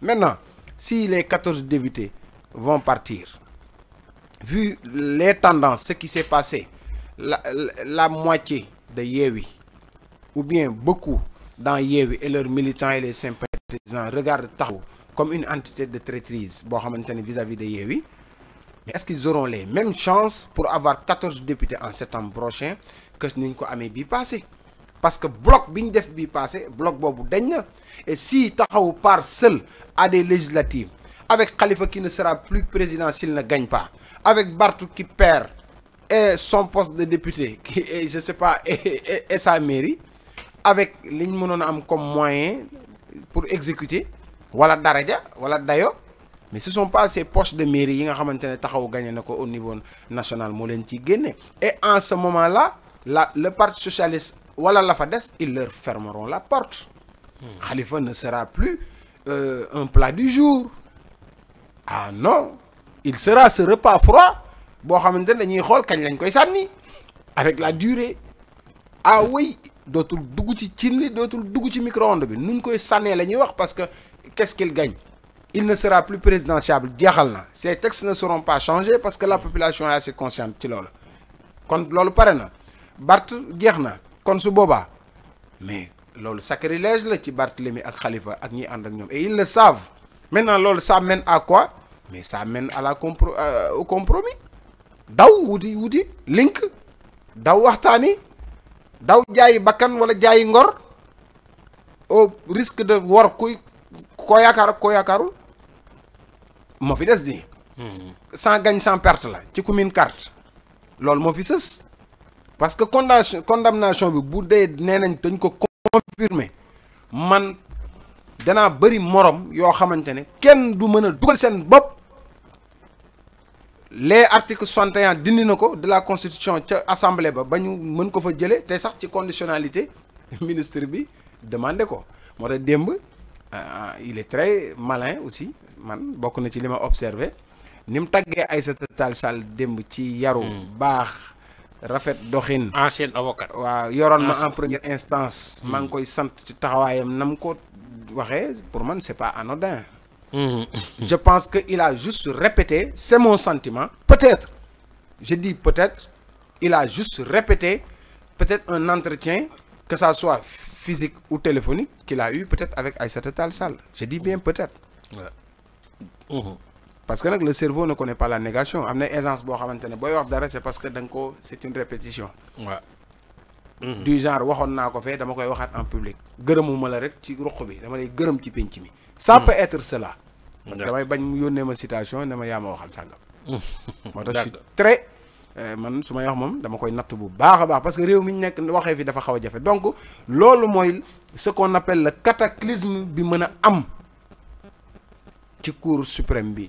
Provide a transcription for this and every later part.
Maintenant, si les 14 députés vont partir, vu les tendances, ce qui s'est passé, la, moitié de Yewi, ou bien beaucoup dans Yewi et leurs militants et les sympathisants regardent Tahoe comme une entité de traîtrise vis-à-vis -vis de Yewi, est-ce qu'ils auront les mêmes chances pour avoir 14 députés en septembre prochain que ce n'est pas passé parce que bloc bi def passé bloc bobu dañ et si taxaw part seul à des législatives avec Khalifa qui ne sera plus président s'il ne gagne pas avec Bartou qui perd et son poste de député qui est, je sais pas et, sa mairie avec liñ comme moyen pour exécuter voilà daraja wala dayo mais ce sont pas ces postes de mairie yi nga xamantene taxaw gagné au niveau national et en ce moment là le parti socialiste alors la fa ils leur fermeront la porte hmm. Khalifa ne sera plus euh, un plat du jour ah non il sera ce repas froid boo xamante dañuy xool kañ lañ koy avec la durée ah oui dootul dugg ci cin li dootul ci micro-ondes bi nuñ koy sànnee les parce que qu'est-ce qu'il gagne il ne sera plus présidentiable ces textes ne seront pas changés parce que la population est assez consciente Quand loolu kon loolu kon su boba, mais loolu sacrilège la ci Barthélemy ak Khalifa ak ñi and ak ñom et ils le savent maintenant loolu ça mène à quoi mais ça mène à la compro euh, au compromis daw wuti wuti link daw waxtani daw jaay bakan wala jaay ngor au risque de wor kuy ko yaakaar ko koo yaakaarul fi di sans hmm. gagne sans perte la ci commune carte loolu moo fi parce que condamnation condamnation bi bu de nenañ nañ dañ ko confirmer man dana bari morom yo xamantene ne kenn du meuna a dugal seen les articles 61 dindinako de la constitution ci assemblée ba bañu meun ko fa jëlee té sax ci conditionnalité ministre bi demandé ko modé demb euh, il est très malin aussi man bokku na ci lima observer observé taggé Aïssata Tall Sall demb ci yaru hmm. bax rafet doxin. ancien avocat. waaw en première instance. Hmm. pour koy n'est c'est pas anodin. Hmm. je pense que il a juste répété c'est mon sentiment. peut-être je dis peut-être il a juste répété peut-être un entretien que ça soit physique ou téléphonique qu'il a eu peut-être avec Aïssata Tal Sal. je dis bien peut-être. Hmm parce que le cerveau ne connaît pas la négation am essence aisance boo xamante ne wax dara c'est parce que da ko c'est une répétition. waaw. Mhm. du genre waxon nako fe dama koy waxat en public. geureumuma la rek ci ruq bi dama lay geureum ci penc mi. ça mhm. peut être cela. parce que damay bañ mu yónnee ma citation ne ma ma waxal sangam mhm. moo je suis très. Euh, man su wax mom dama koy nat bu baakha baax parce que rew mi nek waxe fi dafa xaw jafé donc lolu moy ce qu'on appelle le cataclysme bi meuna am ci cour suprême bi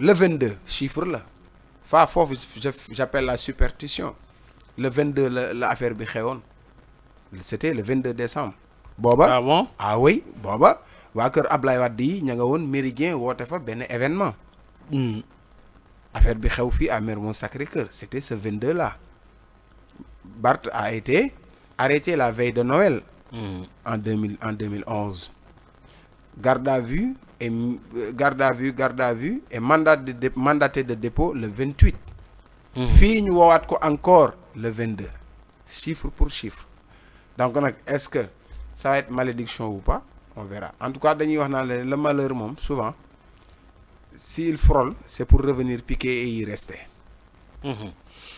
le 22 chiffre là j'appelle la superstition le 22 l'affaire Béchéon. c'était le 22 décembre. Boba, ah bon ah oui Boba, waa kër Ablaye Wade un ña nga Méridien ben événement. Hmm. affaire bi à sacré c'était ce 22 là Bart a été arrêté la veille de Noël. Hmm. en 2011. garde à vue et euh, garde à vue garde à vue et mandat de mandaté de dépôt le 28. Fini ou encore le 22 chiffre pour chiffre donc est-ce que ça va être malédiction ou pas on verra en tout cas le malheur souvent s'il frôle c'est pour revenir piquer et y rester. Mmh.